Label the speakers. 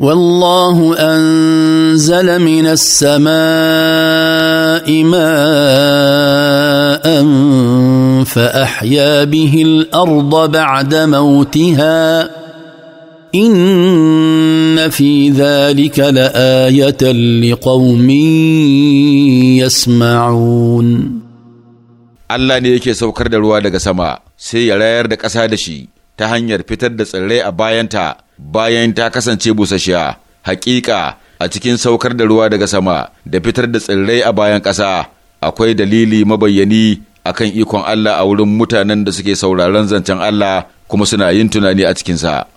Speaker 1: والله انزل من السماء ماء فاحيا به الارض بعد موتها ان في ذلك لايه لقوم يسمعون
Speaker 2: Allah ne yake saukar da ruwa daga sama sai ya rayar da ƙasa da shi ta hanyar fitar da tsirrai a bayanta bayan ta kasance busasshiya hakika a cikin saukar da ruwa daga sama da fitar da tsirrai a bayan ƙasa akwai dalili mabayyani akan ikon Allah a wurin mutanen da suke sauraron zancen Allah kuma suna yin tunani a cikinsa.